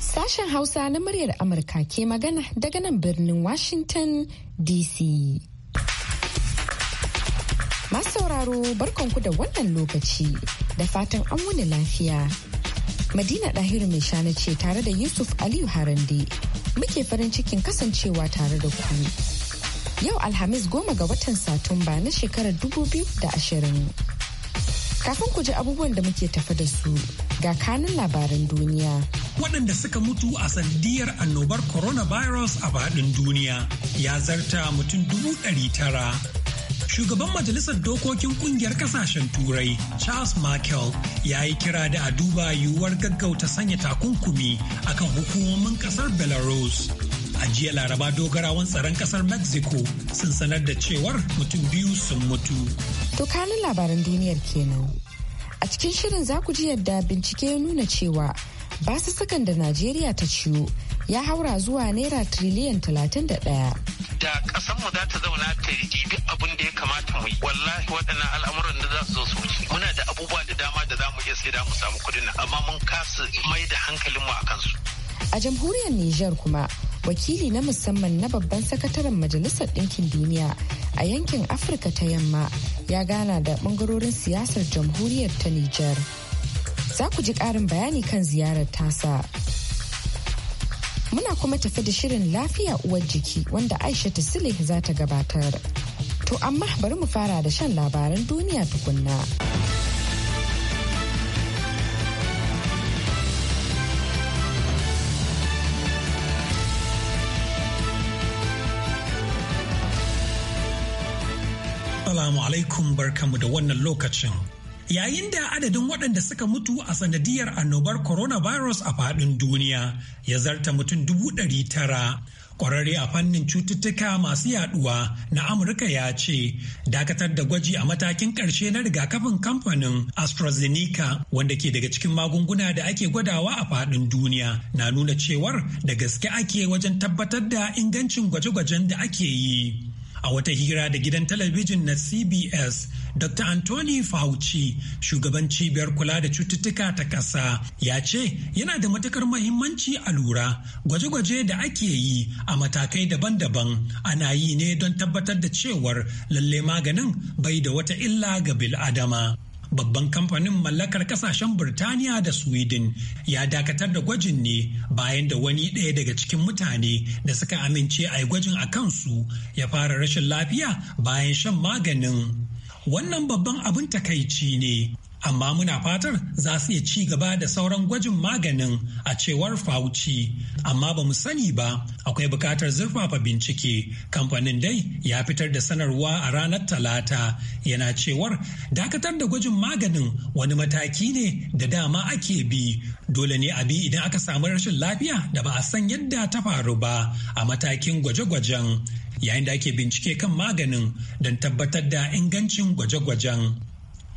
Sashen Hausa na muryar Amurka ke magana daga nan birnin Washington DC. Masu sauraro barkonku da wannan lokaci da fatan an wani lafiya. Madina Dahiru mai shana ce tare da Yusuf Aliyu Harande muke farin cikin kasancewa tare da ku. Yau Alhamis goma ga watan Satumba na shekarar dubu biyu da ashirin Kafin ku ji abubuwan da muke tafi da su ga kanun labaran duniya. Waɗanda suka mutu a sandiyar annobar coronavirus a faɗin duniya ya zarta mutum dubu ɗari tara. shugaban majalisar dokokin kungiyar kasashen turai charles markel ya yi kira da a duba yiwuwar gaggauta sanya takunkumi akan hukumomin kasar belarus A jiya laraba dogarawan tsaron kasar Mexico sun sanar da cewar mutum biyu sun mutu. To kanin labaran duniyar kenan. A cikin shirin za ku ji yadda bincike ya nuna cewa basu sukan da Najeriya ta ciyo ya haura zuwa naira triliyan 31. Da mu za ta zauna ta rigi abin da ya kamata mu yi. Wallahi waɗannan al'amuran da za su zo su wuce. Muna da abubuwa da dama da za mu iya sai da mu samu kudin amma mun kasa mai da hankalin mu a kansu. A jamhuriyar Nijar kuma wakili na musamman na babban sakataren majalisar ɗinkin duniya a yankin afirka ta yamma ya gana da ɓangarorin siyasar jamhuriyar ta nijar za ku ji ƙarin bayani kan ziyarar tasa muna kuma tafi da shirin lafiya uwar jiki wanda aisha sule za ta gabatar to amma bari mu fara da shan labaran duniya tukunna. Assalamu alaikum barkamu da wannan lokacin. Yayin da adadin waɗanda suka mutu a sanadiyar annobar coronavirus a faɗin duniya ya zarta mutum dubu ɗari tara. Ƙwararre a fannin cututtuka masu yaɗuwa na Amurka ya ce, dakatar da gwaji a matakin ƙarshe na rigakafin kamfanin AstraZeneca wanda ke daga cikin magunguna da ake gwadawa a faɗin duniya na nuna cewar da gaske ake wajen tabbatar da ingancin gwaje-gwajen da ake yi. A wata hira da gidan talabijin na CBS, Dr. Anthony Fauci, shugaban cibiyar kula da cututtuka ta ƙasa, ya ce yana da matukar mahimmanci a lura gwaje-gwaje da ake yi a matakai daban-daban ana yi ne don tabbatar da cewar lalle maganin bai da wata illa ga bil'adama. babban kamfanin mallakar kasashen Birtaniya da Sweden ya dakatar da gwajin ne bayan da wani ɗaya daga cikin mutane da suka amince a yi gwajin a kansu ya fara rashin lafiya bayan shan maganin. Wannan babban abin takaici ne amma muna fatar za su iya ci gaba da sauran gwajin maganin a cewar fauci amma ba mu sani ba akwai bukatar zurfafa bincike kamfanin dai ya fitar da sanarwa a ranar talata yana cewar dakatar da gwajin maganin wani mataki ne da dama ake bi dole ne a bi idan aka samu rashin lafiya da ba a san yadda ta faru ba a matakin gwaje-gwajen yayin da ake bincike kan maganin don tabbatar da ingancin gwaje-gwajen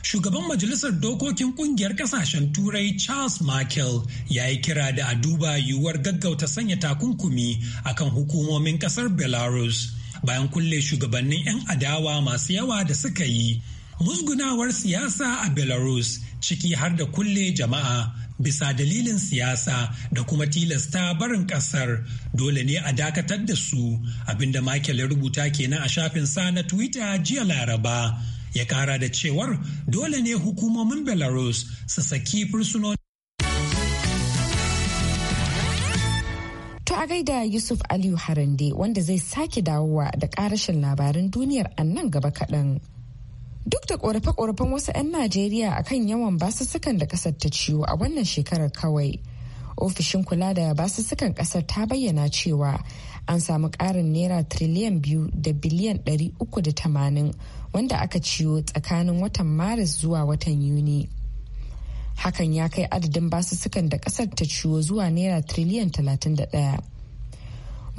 Shugaban Majalisar Dokokin Kungiyar Kasashen Turai Charles Markel ya yi kira da a duba yiwuwar gaggauta sanya takunkumi akan hukumomin kasar Belarus bayan kulle shugabannin 'yan adawa masu yawa da suka yi. Musgunawar siyasa a Belarus ciki har da kulle jama'a bisa dalilin siyasa da kuma tilasta barin kasar dole ne a dakatar da su abinda Michael ya rubuta kenan a shafin sa na Twitter jiya Laraba. ya kara da cewar dole ne hukumomin belarus su saki fursunoni a gaida Yusuf Aliyu Harande wanda zai sake dawowa da karashin labarin duniyar a nan gaba kaɗan. Duk da ƙorafe-ƙorafen wasu 'yan Najeriya akan yawan basussukan da ƙasar ta ciwo a wannan shekarar kawai. Ofishin kula da basussukan ƙasar ta bayyana cewa an samu ƙarin naira tiriliyan biyu da biliyan ɗari uku da tamanin wanda aka ciwo tsakanin watan maris zuwa watan yuni hakan ya kai adadin basussukan da kasar ta ciwo zuwa naira triliyan 31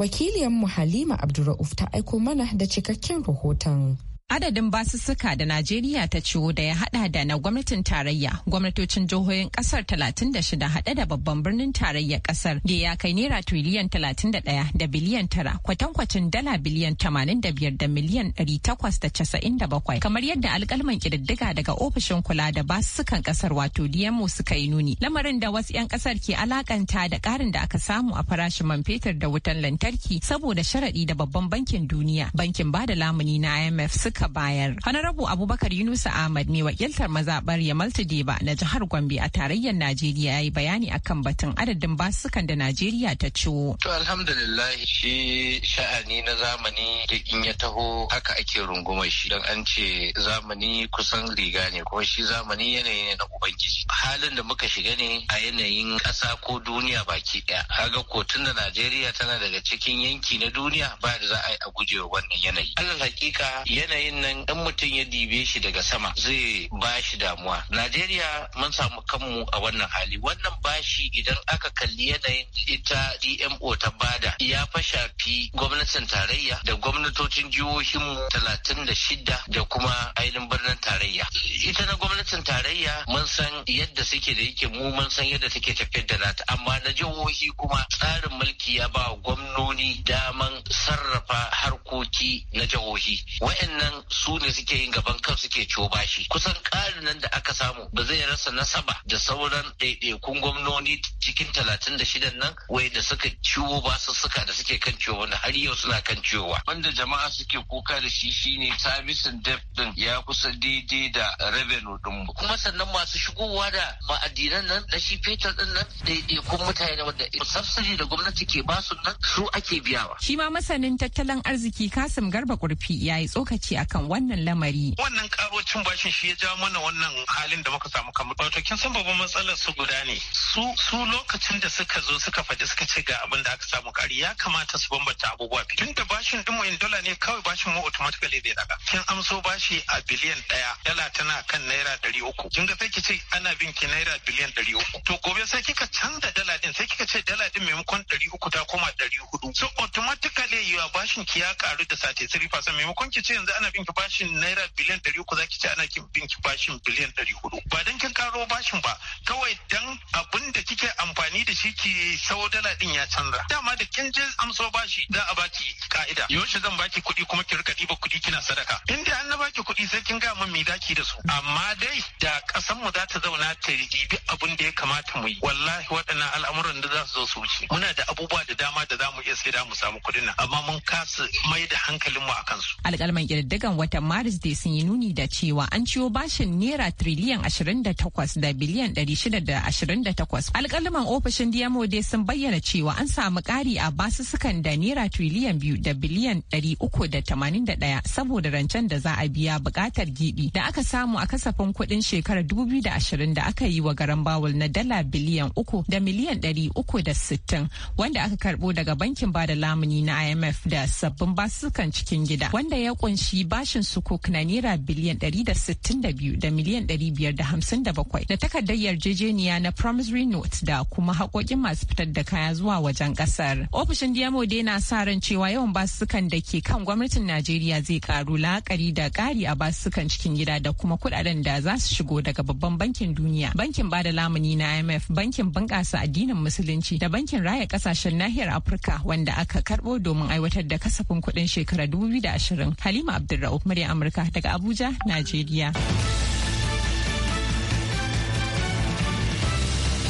wakiliyanmu halima abdulra'uf ta aiko mana da cikakken rahoton Adadin basussuka da Najeriya ta ciwo da ya hada da na gwamnatin tarayya, gwamnatocin jihohin kasar 36 hade da babban birnin tarayya kasar da ya kai naira triliyan 31 da biliyan 9 kwatankwacin dala biliyan 85 da miliyan 897 kamar yadda alkalman kididdiga daga ofishin kula da basussukan kasar wato DMO suka yi nuni. Lamarin da wasu 'yan kasar ke alakanta da karin da aka samu a farashin man fetur da wutan lantarki saboda sharadi da babban bankin duniya, bankin bada lamuni na IMF suka aka bayar. hanarabu Abubakar Yunusa Ahmad ne wakiltar mazabar Yamal Tudeba na jihar Gombe a tarayyar Najeriya ya yi bayani akan batun adadin basukan da Najeriya ta ciwo. To alhamdulillah shi sha'ani na zamani da in ya taho haka ake rungumar shi don an ce zamani kusan riga ne kuma shi zamani yanayi ne na ubangiji. Halin da muka shiga ne a yanayin ƙasa ko duniya baki ɗaya. Kaga kotun da Najeriya tana daga cikin yanki na duniya ba da za a yi a gujewa wannan yanayi. Allah hakika yanayi yanayin nan mutum ya dibe shi daga sama zai ba shi damuwa najeriya mun samu kanmu a wannan hali wannan bashi idan aka kalli yanayin ita dmo ta bada ya fa shafi gwamnatin tarayya da gwamnatocin jihohinmu talatin da shida da kuma ainihin birnin tarayya ita na gwamnatin tarayya mun san yadda suke da yake mu mun san yadda suke tafiyar da nata amma na jihohi kuma tsarin mulki ya ba gwamnoni daman sarrafa harkoki na jihohi wa'annan su ne suke yin gaban kan suke ciwo bashi kusan karin nan da aka samu ba zai rasa nasaba da sauran ɗaiɗaikun gwamnoni cikin talatin da shidan nan wai da suka ciwo ba su suka da suke kan ciwo wanda har yau suna kan ba. wanda jama'a suke kuka da shi shine sabisin def din ya kusa daidai da revenue din kuma sannan masu shigowa da ma'adinan nan da shi fetur din nan ɗaiɗaikun mutane wanda subsidy da gwamnati ke basu nan su ake biyawa shima masanin tattalin arziki kasim garba kurfi ya yi tsokaci a akan wannan lamari. Wannan karo cin bashin shi ya ja mana wannan halin da muka samu kamar. Wato kin san babban matsalar su guda ne. Su su lokacin da suka zo suka faɗi suka ce ga abin da aka samu kari ya kamata su bambanta abubuwa biyu. Tun da bashin ɗin in dala ne kawai bashin mu automatically zai daga. Kin amso bashi a biliyan ɗaya dala tana kan naira ɗari uku. Kin ga sai ki ce ana bin ki naira biliyan ɗari uku. To gobe sai kika canza dala ɗin sai kika ce dala ɗin maimakon ɗari uku ta koma ɗari hudu. So automatically yiwa bashin ki ya karu da sati 3% maimakon ki ce yanzu ana bin bashin naira biliyan ɗari uku zaki ce ana bin ki bashin biliyan ɗari hudu ba dan kin karo bashin ba kawai dan abin da kike amfani da shi ki sau dala din ya canza dama da kin je amso bashi za a baki ka'ida yaushe zan baki kuɗi kuma ki rika ɗiba kuɗi kina sadaka in dai an na baki kuɗi sai kin ga mun me zaki da su amma dai da ƙasar mu za ta zauna ta rigibi abin da ya kamata mu yi wallahi waɗannan al'amuran da za su zo su wuce muna da abubuwa da dama da za mu iya sai da mu samu kuɗin nan amma mun kasa mai da hankalinmu a kansu alƙalman ƙididdiga Afghanistan watan Maris dai sun yi nuni da cewa an ciwo bashin naira triliyan 28 da biliyan 628. alƙaluman ofishin DMO dai sun bayyana cewa an samu ƙari a basussukan da naira triliyan biyu da biliyan 381 saboda rancen da za a biya buƙatar gidi da aka samu a kasafin kuɗin shekarar 2020 da aka yi wa garan bawul na dala biliyan uku da miliyan 360 wanda aka karɓo daga bankin bada lamuni na IMF da sabbin basukan cikin gida wanda ya kunshi bashin sukuk na naira biliyan 162 da miliyan biyar da da bakwai takardar yarjejeniya na promissory note da kuma haƙoƙin masu fitar da kaya zuwa wajen ƙasar. Ofishin Diamo dai na sa ran cewa yawan basukan da ke kan gwamnatin Najeriya zai karu la'akari da ƙari a basukan cikin gida da kuma kuɗaɗen da za su shigo daga babban bankin duniya, bankin bada lamuni na IMF, bankin bunƙasa addinin musulunci da bankin raya ƙasashen nahiyar Afirka wanda aka karɓo domin aiwatar da kasafin kuɗin da ashirin Halima Abdulrahman Rauf murya Amurka daga Abuja, Najeriya.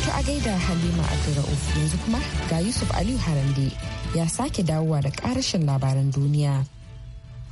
ta a gaida Halima Abdulrauf yanzu kuma ga Yusuf Aliyu Harande ya sake dawowa da karashin labaran duniya.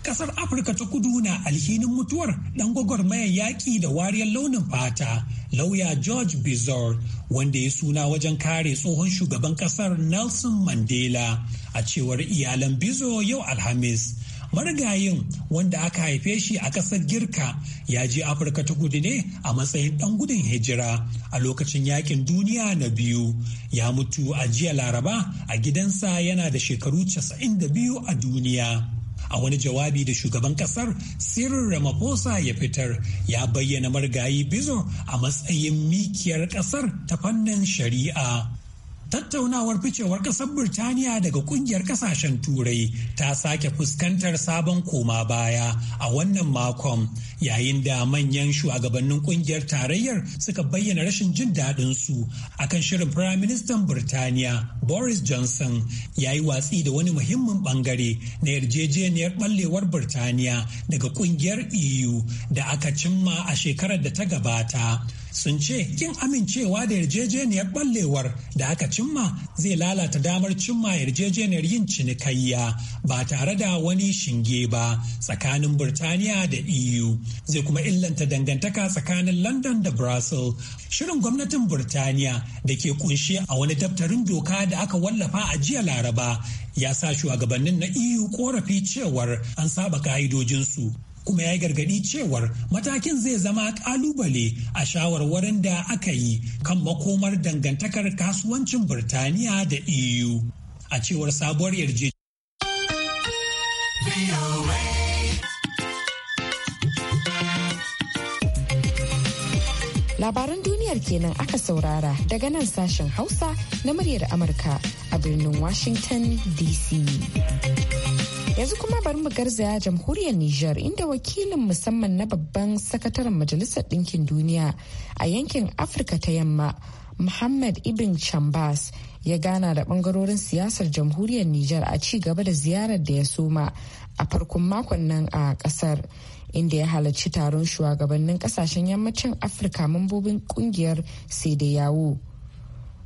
kasar afirka ta kudu na alhinin mutuwar dan gwagwarmayar yaƙi da wariyar launin fata lauya george bizor wanda ya suna wajen kare tsohon shugaban kasar nelson mandela a cewar iyalan bizo yau alhamis marigayin wanda aka haife shi a ƙasar girka ya je afirka ta kudu ne a matsayin ɗan gudun hijira a lokacin yakin duniya na biyu ya mutu a jiya laraba a gidansa yana da shekaru 92 a duniya a wani jawabi da shugaban kasar Cyril Ramaphosa ya fitar ya bayyana marigayi bizo a matsayin mikiyar kasar ta fannin shari'a tattaunawar ficewar ƙasar Birtaniya daga ƙungiyar ƙasashen Turai ta sake fuskantar sabon koma baya a wannan makon yayin da manyan shugabannin ƙungiyar tarayyar suka bayyana rashin jin daɗin su akan shirin Firaministan Birtaniya Boris Johnson ya yi watsi da wani muhimmin bangare na yarjejeniyar ɓallewar Birtaniya daga ƙungiyar EU da aka cimma a shekarar da ta gabata. sun ce kin amincewa da yarjejeniyar ɓallewar da aka cimma zai lalata damar cimma yarjejeniyar yin cinikayya ba tare da wani shinge ba tsakanin birtaniya da EU zai kuma illanta dangantaka tsakanin London da Brussels. Shirin gwamnatin birtaniya da ke kunshe a wani daftarin doka da aka wallafa a jiya Laraba ya sa shugabannin na EU korafi cewar an saba ka'idojinsu kuma ya yi gargaɗi cewar matakin zai zama ƙalubale a shawarwarin da aka yi kan makomar dangantakar kasuwancin Birtaniya da EU. A cewar sabuwar yarje Labaran duniyar kenan aka saurara daga nan sashen Hausa na muryar Amurka a birnin Washington DC. Yanzu kuma bari mu garzaya jamhuriyar Nijar inda wakilin musamman na babban sakataren Majalisar Ɗinkin Duniya a yankin Afirka ta Yamma, Muhammad Ibn Chambas ya gana da bangarorin siyasar jamhuriyar Nijar a ci gaba da ziyarar da ya soma a farkon makon nan a kasar inda ya halarci taron shugabannin kasashen yammacin Afirka mambobin kungiyar sai da yawo.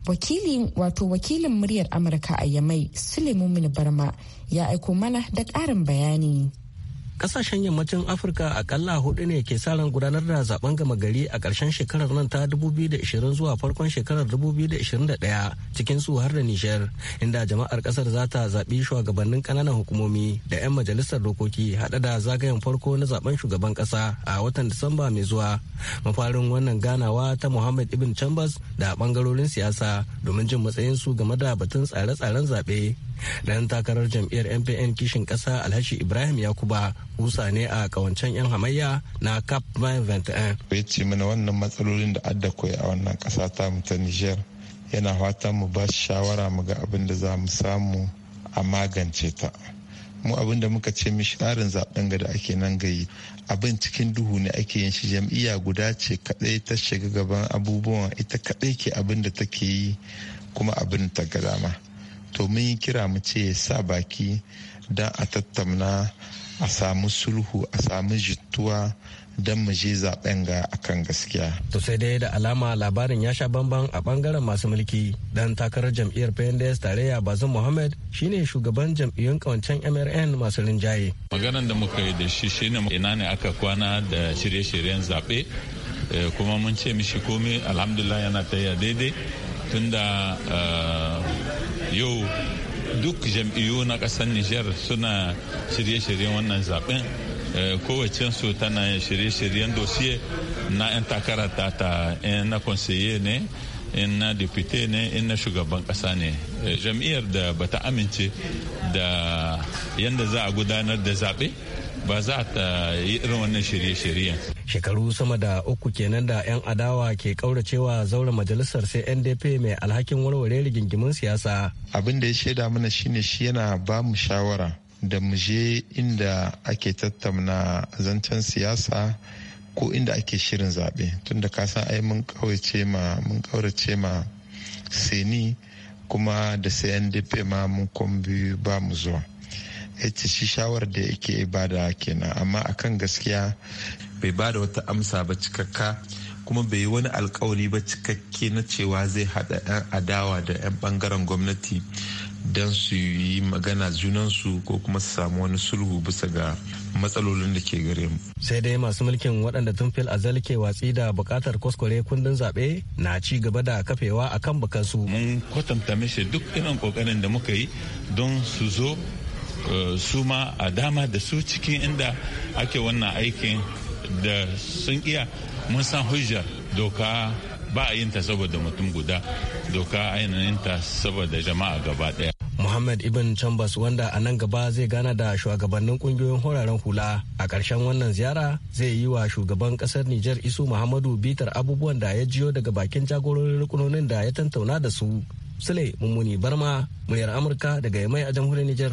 wakilin wato wakilin muryar amurka a yamai suleiman barma ya aiko mana da ƙarin bayani kasashen yammacin afirka akalla hudu ne ke sa ran gudanar da zaben gama gari a ƙarshen shekarar nan ta 2020 zuwa farkon shekarar 2021 cikin su har da nishar inda jama'ar ƙasar za ta zaɓi shugabannin ƙananan hukumomi da 'yan majalisar dokoki haɗe da zagayen farko na zaben shugaban ƙasa a watan disamba mai zuwa mafarin wannan ganawa ta muhammad ibn chambers da ɓangarorin siyasa domin jin matsayin su game da batun tsare-tsaren zaɓe dan takarar jam'iyyar mpn kishin kasa alhaji ibrahim yakuba kusa ne a kawancen yan hamayya na cap 21 ya ce mana wannan matsalolin da adda koyi a wannan kasa ta mu ta niger yana fatan mu ba shawara mu ga abin da za mu samu a magance ta mu abin da muka ce mishi tsarin zaben ga da ake nan gayi abin cikin duhu ne ake yin shi jam'iyya guda ce kadai ta shiga gaban abubuwan ita kadai ke abin da take yi kuma abin ta ga dama to mun yi kira mu ce sa baki don a tattauna a samu sulhu a samu jituwa don mu je zaben ga kan gaskiya. To sai dai da alama labarin ya sha bamban a bangaren masu mulki dan takarar jam'iyyar PNDS tarayya bazu Mohammed shine shugaban jam'iyyun kawancen MRN masu rinjaye. Maganan da muka yi da shi shine ina ne aka kwana da shirye-shiryen zaɓe eh, kuma mun ce mishi komai alhamdulillah yana taya daidai tunda eh, yau duk jam'iyyu na ƙasar nijar suna shirye-shiryen wannan zaben eh, kowace su tana shirye-shiryen dosiye na 'yan takara ta eh, na konseye ne in na depute ne in na shugaban kasa ne eh, jam'iyyar da bata amince da yadda za a gudanar da zaɓe ba za ta yi irin wannan shirye-shiryen. Shekaru sama da uku kenan da 'yan adawa ke kauracewa zaura majalisar sai NDP mai alhakin warware rigingimin siyasa. Abin da ya shaida mana shine shi yana ba mu shawara da mu je inda ake tattauna zancen siyasa ko inda ake shirin zaɓe tunda ka san ai mun kaurace ma mun kaurace ma seni kuma da sai NDP ma mun kombi ba mu zuwa. ita shi shawar da yake bada kenan amma akan gaskiya bai bada wata amsa ba cikakka kuma bai yi wani alkawari ba cikakke na cewa zai hada 'yan adawa da 'yan bangaren gwamnati don su yi magana junansu ko kuma su samu wani sulhu bisa ga matsalolin da ke gare mu. Sai dai masu mulkin waɗanda tun fil azal ke watsi da buƙatar kwaskware kundin zaɓe na ci gaba da kafewa a kan bukansu. Mun kwatanta mishi duk irin ƙoƙarin da muka yi don su zo Eh, suma a dama da su cikin inda ake wannan aikin da sun iya mun san hujjar doka ba a yinta saboda mutum guda doka ta saboda jama'a gaba daya Muhammad Ibn Chambers wanda a nan gaba zai gana da shugabannin kungiyoyin horaren hula a ƙarshen wannan ziyara zai yi wa shugaban ƙasar Nijar Isu Muhammadu bitar abubuwan da ya jiyo daga bakin jagororin rukunonin da ya tantauna da su. Sule Mummuni Barma, muryar Amurka daga Yamai a jamhuriyar Nijar.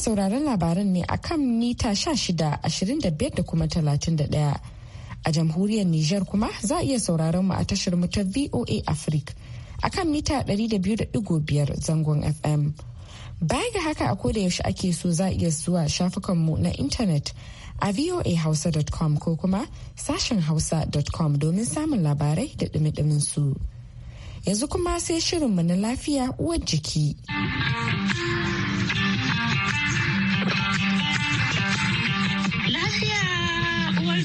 sauraron labaran ne a kan mita 16, da kuma 31. A jamhuriyar Nijar kuma za a iya sauraron mu a tashar mu ta VOA Africa kan mita 200.5 zangon FM. Baya ga haka a koda yaushe ake so za a iya zuwa shafukanmu na intanet a voahausa.com ko kuma sashen hausa.com domin samun labarai da dumi su. Yanzu kuma sai shirinmu na lafiya uwar jiki.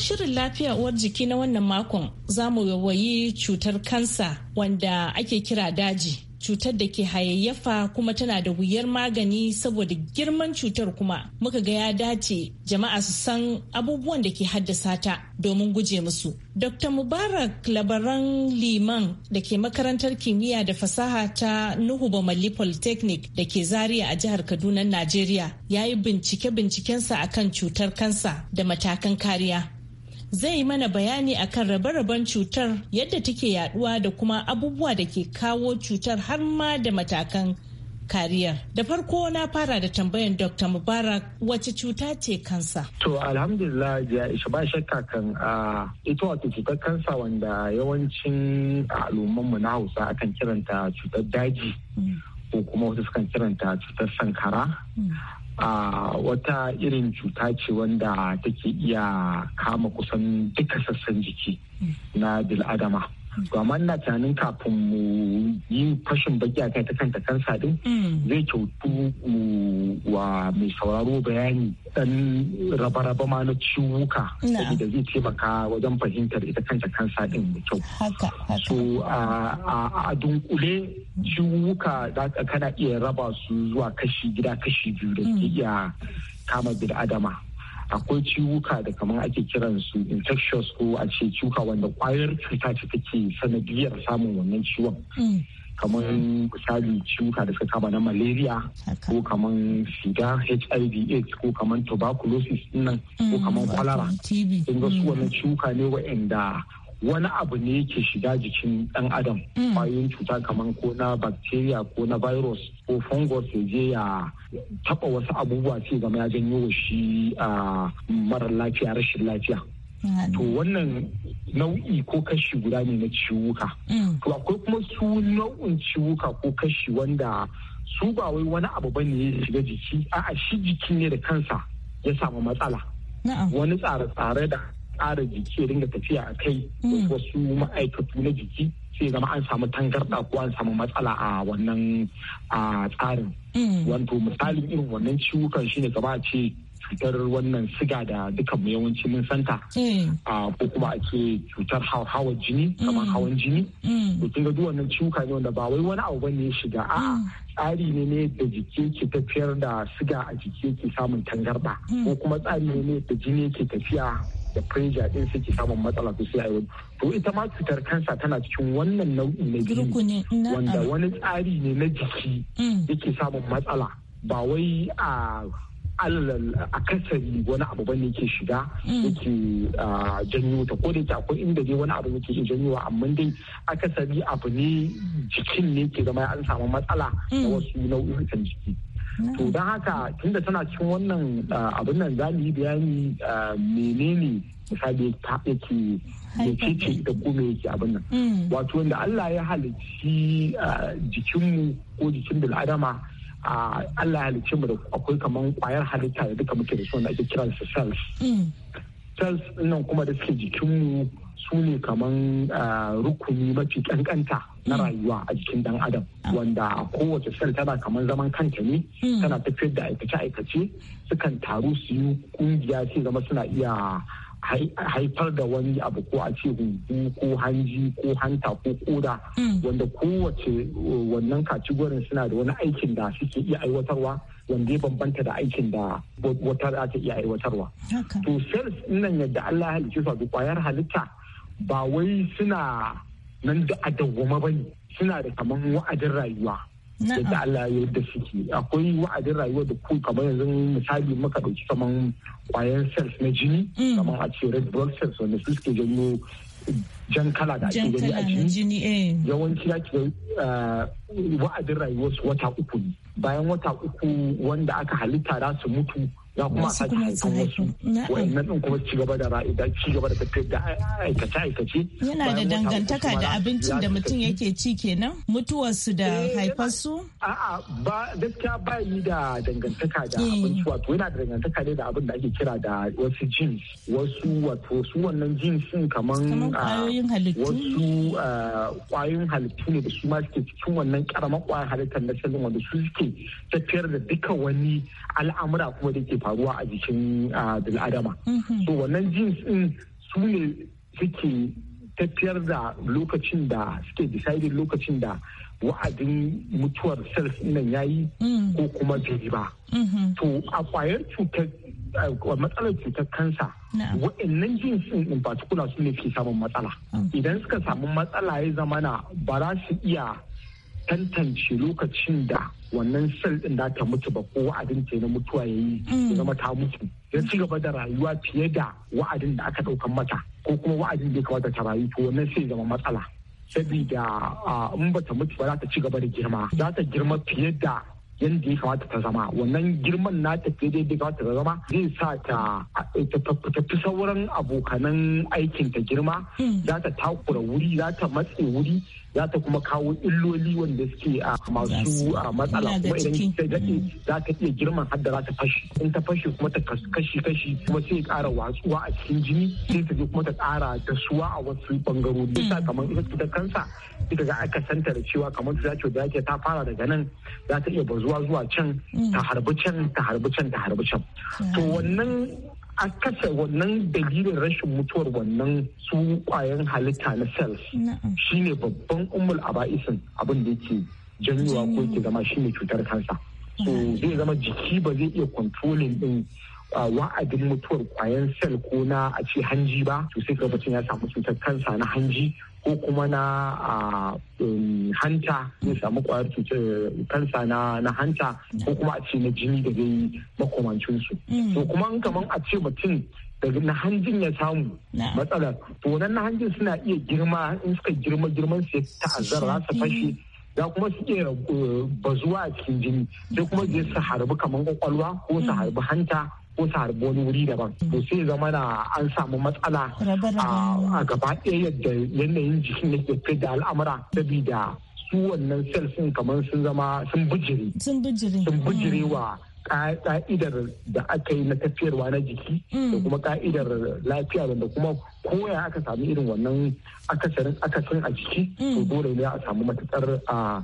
shirin lafiya uwar jiki na wannan makon za mu rawayi cutar kansa wanda ake kira daji. Cutar da ke hayayyafa kuma tana da wuyar magani saboda girman cutar kuma muka ga ya dace jama'a su san abubuwan da ke haddasa ta domin guje musu. Dr. Mubarak labaran liman da ke makarantar kimiyya da fasaha ta Nuhu Bamali Polytechnic da ke Zaria a jihar Kaduna, Najeriya ya yi bincike-bincikensa akan cutar kansa da matakan kariya. zai yi mana bayani akan rabe-raben cutar yadda take yaduwa da kuma abubuwa da ke kawo cutar har ma da matakan kariya. Da farko na fara da tambayan Dr. Mubarak wace cuta ce kansa? To alhamdulillah ya isha ba shakka kan ita wato cutar kansa wanda yawancin mu na Hausa akan kiranta cutar daji mm. ko kuma wasu sukan kiranta cutar sankara. Mm. a wata irin cuta ce wanda take iya kama kusan duka sassan jiki na bil'adama to amma ina tunanin kafin mu yi fashin baki kai ta kanta kan sadin hmm. zai kyautu uh, wa mai sauraro bayani dan raba-raba ma na ciwuka da zai taimaka wajen fahimtar ita kanta kan sadin da kyau so a dunkule ciwuka kana iya raba su zuwa kashi gida kashi biyu da ke hmm. iya kama adama. akwai ciwuka da kamar ake kiran su infectious ko a ce ciwuka wanda kwayar cuta ce take sanadiyar samun wannan ciwon hmm. kamar misali ciwuka da suka kama na malaria ko kamar sida hiv aids ko kamar tuberculosis nan ko hmm, kamar kwalara su hmm. wannan ciwuka ne wa'anda wani abu ne yake shiga jikin ɗan adam Bayan mm. cuta kamar ko na bacteria ko na virus ko fungus ya je ya taba wasu abubuwa sai zama ya janyo shi a mara lafiya rashin lafiya to wannan nau'i ko kashi guda ne na ciwuka mm. to akwai kuma su nau'in ciwuka ko kashi wanda su ba wai wani abu bane ya shiga jiki a'a shi jiki ne da kansa ya samu matsala wani tsare-tsare da tsara jiki ya dinga tafiya a kai mm. wasu ma'aikatu na jiki sai zama an samu tangarɗa ko an samu matsala a wannan tsarin. Mm. Wanto misalin irin wannan ciwukan shine gaba ce cutar wannan siga da duka mu yawanci mun santa mm. ko kuma ake cutar hawan jini kamar hawan jini to kin ga wannan ciwuka ne wanda ba wai wani abu bane ya shiga a tsari ne ne da jiki ke tafiyar da siga a jiki yake samun tangarɗa. ko kuma tsari ne ne da jini ke tafiya da pressure din suke samun matsala su sai to ita ma cutar kansa tana cikin wannan nau'i na biyu wanda wani tsari ne na jiki mm. yake samun matsala ba wai a akasari wani abu bane ke shiga mm. yake janyo ta ko da akwai inda dai wani abu yake janyowa amma dai akasari abu ne jikin ne ke zama an samu matsala mm. na wasu nau'in jiki to mm. don haka tunda tana cikin wannan ah, abin nan za mu yi bayani ah, menene misali yake da cece da kuma yake abin nan mm. wato wanda Allah ya halicci ah, jikinmu ko jikin bil'adama Allah ya halicci mu da akwai kamar kwayar halitta da duka muke da su wanda ake kiransa cells mm. cells nan kuma da suke jikinmu su ne kaman rukuni mafi kankanta na mm. rayuwa a jikin dan adam ah. wanda kowace sel tana kaman zaman kanta ne mm. tana tafiyar da aikace-aikace sukan taru su yi kungiya sai zama suna iya haifar da wani abu ko a ce hunhu ko hanji ko hanta ko koda mm. wanda kowace wannan kacigorin suna da wani aikin da suke iya aiwatarwa wanda ya bambanta da aikin da wata za ta iya aiwatarwa. To sels nan yadda Allah ya halicce su kwayar halitta ba wai suna nan da adawwama ba ne suna da kaman wa'adin rayuwa yadda Allah ya yadda suke akwai wa'adin rayuwa da ku kamar yanzu misali maka ɗauki kaman kwayan cells na jini mm. kamar a ce red blood cells wanda su suke janyo jan kala da ake gani a jini eh. yawanci ya ce eh, wa'adin su wata uku ne bayan wata uku wanda aka halitta za su mutu ya kuma a sake wasu wayannan din kuma ci gaba da ra'ida ci gaba da tafiyar da aikace aikace yana da dangantaka da abincin da mutum yake ci kenan mutuwarsu da eh, haifarsu a'a ba gaskiya ba yi da dangantaka da eh. abinci wato yana da dangantaka ne da abin da ake kira da wasu jeans wasu wato su wannan jeans din kaman kwayoyin ah, halittu. wasu kwayoyin ah, halittu ne da su ma suke cikin wannan karamar kwayar halittar na wanda su suke tafiyar da duka wani al'amura kuma da ke faruwa a jikin bil'adama mm-hmm. so wannan jeans din su ne suke tafiyar da lokacin da suke decided lokacin da wa'adin mutuwar self nan yi. Mm. ko kuma bai ba mm-hmm. to a kwayar cutar matsalar cutar kansa wa'annan jeans din in particular su ne ke samun matsala idan suka samu matsala ya zamana ba za su iya tantance lokacin da wannan sel din da ta mutu ba ko wa'adin ta na mutuwa ya yi ya mm. mata ta mutu ya ci gaba da rayuwa fiye da wa'adin da aka ɗaukan mata ko kuma wa'adin da ya kamata ta rayu to wannan sai zama matsala sabida ah, in ba ta mutu ba za ta ci gaba da girma za ta girma fiye da yadda ya kamata ta zama wannan girman na ta daidai kamata ta zama zai sa ta fi sauran abokanan aikin ta girma hmm. za ta takura wuri za ta matse wuri za ta kuma kawo illoli wanda suke a ah, masu ah, matsala kuma idan ta gaɗe hmm. za ta iya girman har da za ta fashe in ta fashe kuma ta kashi kashi kuma sai ƙara watsuwa a cikin jini sai ta je kuma ta kara ta a wasu bangarori hmm. yasa kamar ita ta kansa ita ga aka santa da cewa kamar ta dace ta fara daga nan za ta iya bazo zuwa zuwa can mm. ta harbi can ta harbi can ta harbi can mm. to wannan a kasa wannan dalilin rashin mutuwar wannan su kwayan halitta na cells shine babban umul aba'isin abin da yake janyowa ko yake zama shine cutar kansa so mm. zai zama jiki ba zai iya controlling din uh, wa'adin mutuwar kwayan sel ko na a ce hanji ba to sai ya samu cutar kansa na hanji ko kuma na um, hanta zai samu kwayar cutar kansa na hanta ko kuma a ce na jini da zai makomancin su mm. to kuma in kamar a ce mutum daga na hanjin ya samu matsalar to nan na hanjin suna iya girma in suka girma girman su ta'azzara za su fashe za kuma su iya eh, bazuwa a cikin jini sai kuma zai su harbi kamar kwakwalwa ko su mm. harbi hanta ko su harbi wani wuri daban to sai zama na an samu matsala a gaba ɗaya yadda yanayin jikin yake fi da al'amura sabida su wannan sel sun kamar sun zama sun bijiri sun bijiri hmm. wa ka'idar da aka yi na tafiyarwa na jiki da hmm. kuma ka'idar lafiya wanda kuma koya aka sami irin wannan akasarin akasin a jiki to hmm. dole ne a samu a.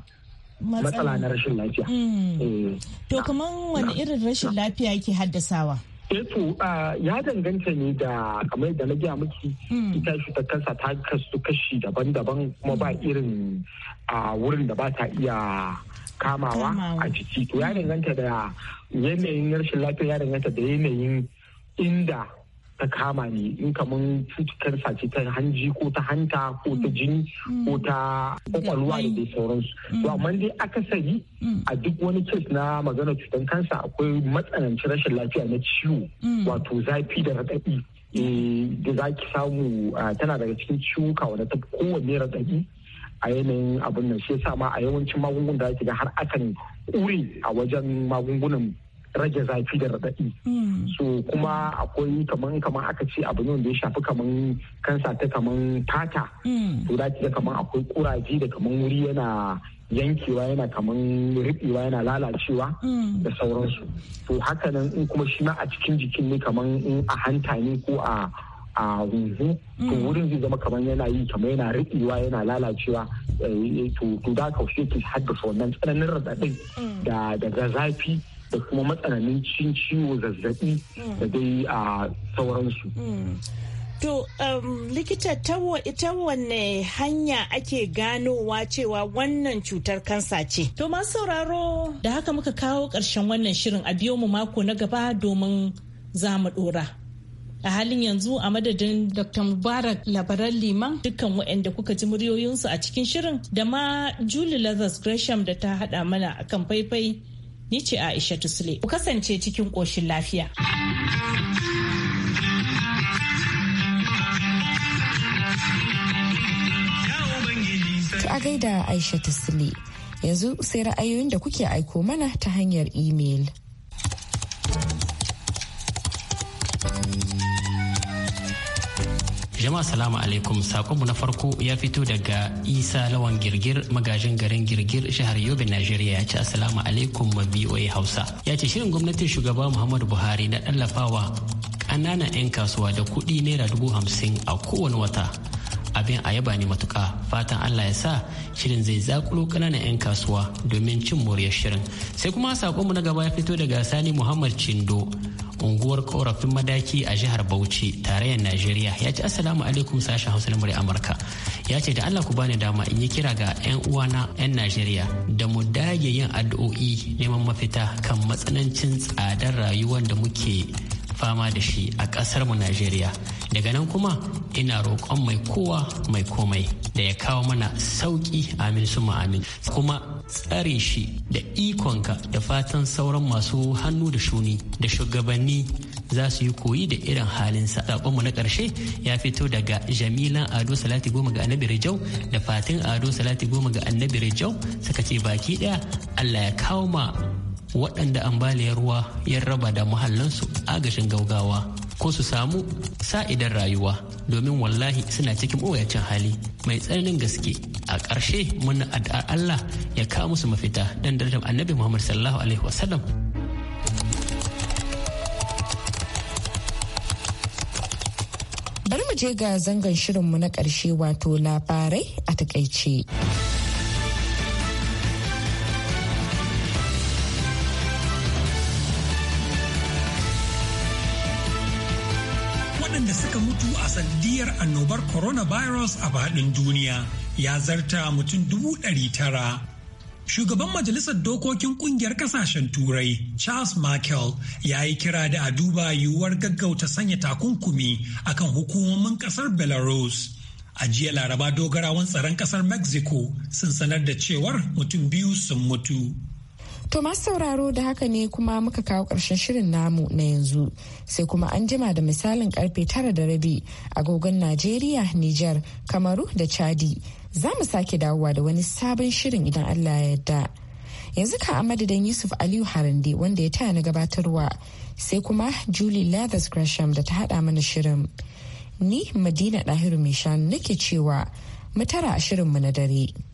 matsala na rashin lafiya. Eh. Mm. To kamar wani irin rashin lafiya yake haddasawa? Eto eh ya danganta ne da kamar da na gaya miki mm. ita shi ta kansa ta kasu kashi daban-daban kuma ba mm. irin a wurin da ba ta iya kamawa a jiki. To ya danganta da yanayin rashin lafiya ya danganta da yanayin inda ta kama ni in kamar cutukan sace ta hanji ko ta hanta ko ta mm. jini mm. ko ta kwakwalwa da dai sauransu to mm. amma dai akasari a duk wani kes na magana cutan kansa akwai matsanancin rashin lafiya na ciwo wato zafi da raɗaɗi eh, da za ki samu tana daga cikin ciwuka wadda ta kowanne raɗaɗi a yanayin abin nan shi yasa ma a yawancin magungunan da ake ga har akan ƙure a wajen magungunan rage zafi da raɗaɗi. Hmm. So kuma akwai kaman kaman aka ce abu ne wanda ya shafi kaman kansa ta kaman tata. Hmm. To da ga kaman akwai kuraje da kaman wuri yana yankewa yana kaman riɓewa yana lalacewa hmm. da sauransu. To haka nan in kuma shi ma a cikin jikin ne kaman in a hanta ne ko a a hunhu to wurin zai zama kaman yana yi kamar yana riɗewa yana lalacewa eh, to da kaushe ke haddasa wannan tsananin raɗaɗin da zafi da kuma cin ciwo zazzabi mm. da dai a sauransu. Mm. To um, likita ta wanne hanya ake ganowa cewa wannan cutar kansa ce. To masu sauraro da haka muka kawo karshen wannan shirin a biyo mu mako na gaba domin za mu ɗora. A halin yanzu a madadin Dr. Mubarak labaran liman dukkan waɗanda kuka ji muryoyinsu a cikin shirin da ma Julie Lazarus Gresham da ta haɗa mana kan faifai Ni ce Aisha Tusle. Ku kasance cikin ƙoshin lafiya. Ta gaida Aisha Tusle. Yanzu sai ra'ayoyin da kuke aiko mana ta hanyar imel. jama'a salamu alaikum sakonmu na farko ya fito daga isa lawan girgir magajin garin girgir shahar yobe najeriya ya ce assalamu alaikum ma boa hausa ya ce shirin gwamnatin shugaba muhammadu buhari na tallafawa kananan 'yan kasuwa da kuɗi naira dubu hamsin a kowane wata abin a yaba ne matuka fatan allah ya sa shirin zai zakulo kananan 'yan kasuwa domin cin muryar shirin sai kuma sakonmu na gaba ya fito daga sani muhammad chindo unguwar korafin madaki a jihar bauchi tarayyar najeriya ya ce assalamu alaikum sashen hausa na amurka ya ce da allah ku bani dama in yi kira ga 'yan uwana 'yan najeriya da mu dage yin addu'o'i neman mafita kan matsanancin tsadar rayuwar da muke fama da shi a ƙasarmu Najeriya. Daga nan kuma ina roƙon mai kowa mai komai da ya kawo mana sauƙi amin su amin. Kuma tsare shi da ikonka da fatan sauran masu hannu da shuni da shugabanni za su yi koyi da irin halinsa. Zaɓenmu na ƙarshe ya fito daga Jamila Ado Salati Goma ga Annabi Rijau da Fatin Ado Salati Goma ga Annabi Rijau suka ce baki ɗaya Allah ya kawo ma waɗanda ambaliyar ruwa ya raba da muhallansu agashin gaugawa ko su samu sa'idan rayuwa domin wallahi suna cikin ɓoyacin hali mai tsananin gaske a ƙarshe muna addu'ar Allah ya kawo musu mafita dan darajar annabi Muhammad sallallahu alaihi wasallam bari mu je ga shirin mu na ƙarshe wato labarai a takaice. sanadiyar annobar coronavirus a faɗin duniya ya zarta mutum dubu ɗari tara. Shugaban Majalisar Dokokin Ƙungiyar Ƙasashen Turai, Charles Markel, ya yi kira da a duba yiwuwar gaggauta sanya takunkumi akan hukumomin ƙasar Belarus. A jiya Laraba dogarawan tsaron ƙasar Mexico sun sanar da cewar mutum biyu sun mutu. To masu sauraro da haka ne kuma muka kawo ƙarshen shirin namu na yanzu sai kuma an jima da misalin karfe tara da rabi agogon Najeriya, Nijar, Kamaru da Chadi. Za mu sake dawowa da wani sabon shirin idan Allah ya yarda. Yanzu ka a madadin Yusuf Aliyu Harande wanda ya taya na gabatarwa sai kuma Julie Lathers Gresham da ta haɗa mana shirin. Ni Madina Ɗahiru Mishan nake cewa mu tara a mu na dare.